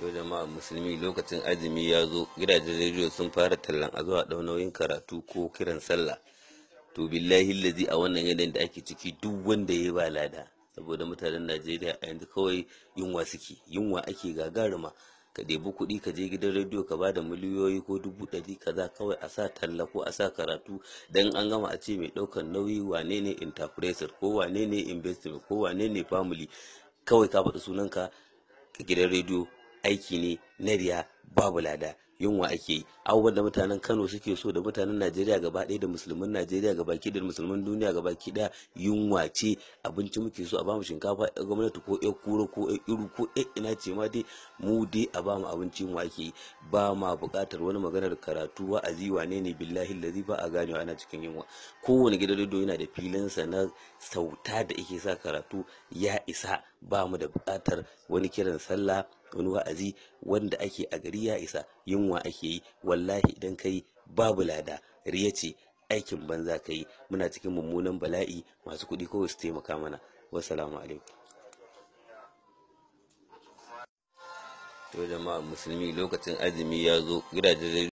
yau jama'a musulmi lokacin azumi ya zo gidajen rediyo sun fara tallan a zuwa ɗau nauyin karatu ko kiran sallah to billahi lazi a wannan yanayin da ake ciki duk wanda ya ba lada saboda mutanen najeriya a yanzu kawai yunwa suke yunwa ake gagaruma ka ɗebi kuɗi ka je gidan rediyo ka bada miliyoyi ko dubu ɗari kaza kawai a sa talla ko a sa karatu dan an gama a ce mai ɗaukar nauyi wane ne interpreter ko wane ne investment ko wane ne family kawai ka faɗi sunanka ka gidan rediyo aiki ne na riya babu lada yunwa ake yi abubuwan da mutanen kano suke so da mutanen najeriya gaba ɗaya da musulmin najeriya gaba ki da musulmin duniya gaba ki da yunwa ce abinci muke so a bamu shinkafa a gwamnati ko ya kura ko ya iru ko ya ina ce ma dai mu dai a bamu abinci yunwa ake yi ba ma buƙatar wani maganar karatu wa'azi wane ne billahi lazi ba a ganewa ana cikin yunwa kowane gidan rediyo yana da filinsa na sauta da ake sa karatu ya isa bamu da buƙatar wani kiran sallah wani wa'azi wanda ake a gari ya isa yunwa ake yi wallahi idan kai babu lada riya ce aikin banza ka yi muna cikin mummunan bala'i masu kuɗi kawai su taimaka mana wasalamu alaikum to jama'a musulmi lokacin azumi ya zo gidajen